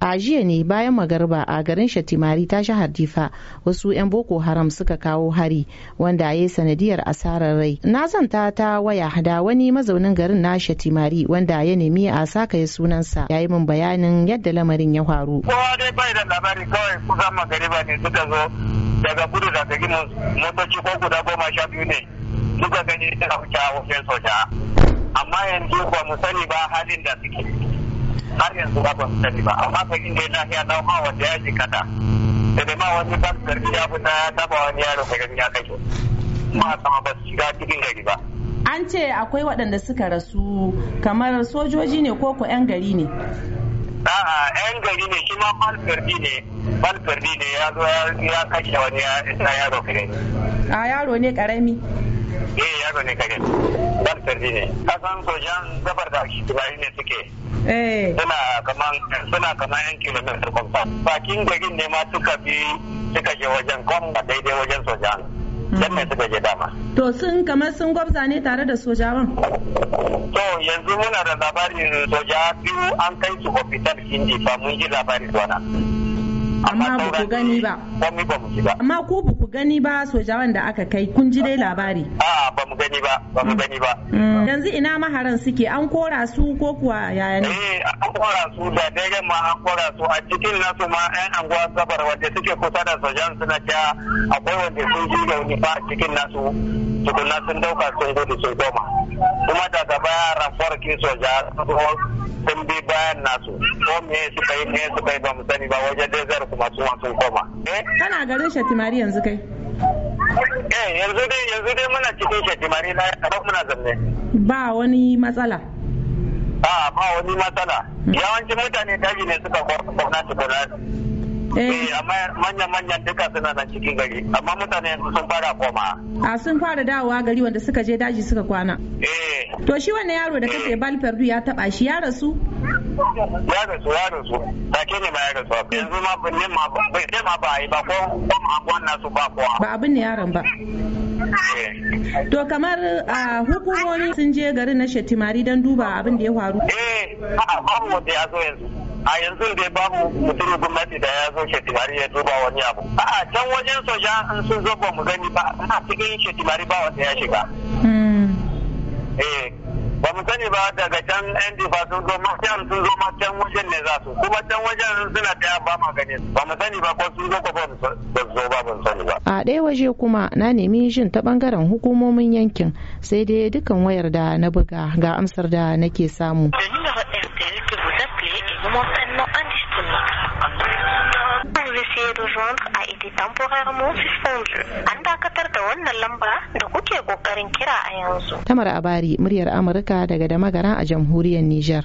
a jiya ne bayan magarba a garin shatimari ta jihar difa wasu 'yan boko haram suka kawo hari wanda ya yi sanadiyar asarar rai na zanta ta waya da wani mazaunin garin na shatimari wanda ya nemi a saka ya sunansa ya yi min bayanin yadda lamarin ya faru kowa dai bai da labari kawai motoci ko guda goma sha biyu ne suka gani suka a amma yanzu ba mu sani ba halin da suke har yanzu ba ban sani ba amma fa inda ya lafiya na ma wanda ya kada. da da ma wani ba su zargi ya fita ya taba wani yaro ka gani ya kashe ba sama ba su shiga cikin gari ba an ce akwai waɗanda suka rasu kamar sojoji ne ko ko 'yan gari ne a'a 'yan gari ne shi ma malfardi ne malfardi ne ya zo ya kashe wani ya yaro ka gani a yaro ne karami Eh, ne ya yaro ne kare dan sardi ne kasan sojan gabar da shugabani ne suke eh. suna kaman suna kaman yan kilomitar kwamfa bakin garin ne ma suka bi suka je wajen kwamfa daidai wajen sojan dan mai suka je dama to sun kamar sun gwabza ne tare da sojawan to yanzu muna da labarin soja biyu an kai su hospital kinji ba mun ji labarin wannan amma ba ku gani ba amma ku ba ku gani ba sojawan da aka kai kun ji dai labari a ah, ba mu gani ba ba mu gani ba mm. yanzu ina maharan suke an kora su ko kuwa yaya ne eh an kora su da ma an kora su a cikin nasu ma ɗan anguwa sabar wanda suke kusa da sojan suna ta akwai wanda sun ji da a ba cikin nasu tukunna sun dauka sun gudu sun goma kuma daga baya rafuwar ke soja sun bi bayan nasu ko me suka yi me suka yi ba mu sani ba wajen dezar kuma su sun koma. Eh? kana garin shatimari yanzu kai. eh yanzu dai yanzu dai muna cikin shatimari na kamar muna zanne. ba wani matsala. a ah, ba wani matsala yawancin mutane daji ne suka kwana tukuna Eh. eh, amma manya-manyan duka suna nan cikin gari, amma mutane sun fara koma. A ah, sun fara dawowa gari wanda suka je daji suka kwana. Eh. To shi wannan yaro da kace eh. Balperdu ya taba shi ya rasu? Ya rasu, ya rasu. Take ne ma ya rasu. Yanzu ma ne ma ba ne ma ba yi ba ko ko ma wannan su ba ko. Ba abin ne yaron ba. Eh. To kamar a ah, hukumomi sun je garin na Shetimari don duba abin da ya faru. Eh, a'a babu wanda ya zo yanzu. a yanzu dai babu mutum gwamnati da ya zo shetimari ya duba wani abu a can wajen soja an sun zo ba mu gani ba a cikin shetimari ba wata ya shiga hmm. eh, ba mu sani ba daga can yan difa sun zo mafiyan sun zo mafiyan wajen ne za su kuma can wajen suna daya ba ma gani ba mu sani ba ko sun zo ko ba su zo ba mu sani ba a ɗaya waje kuma na nemi jin ta bangaren hukumomin yankin sai dai dukkan wayar da na buga ga amsar da nake samu. Eh, rejoindre a été temporairement suspendu. An dakatar da wannan lamba da kuke kokarin kira a yanzu. Tamar Abari, muryar Amurka daga Damagara a jamhuriyar Nijar.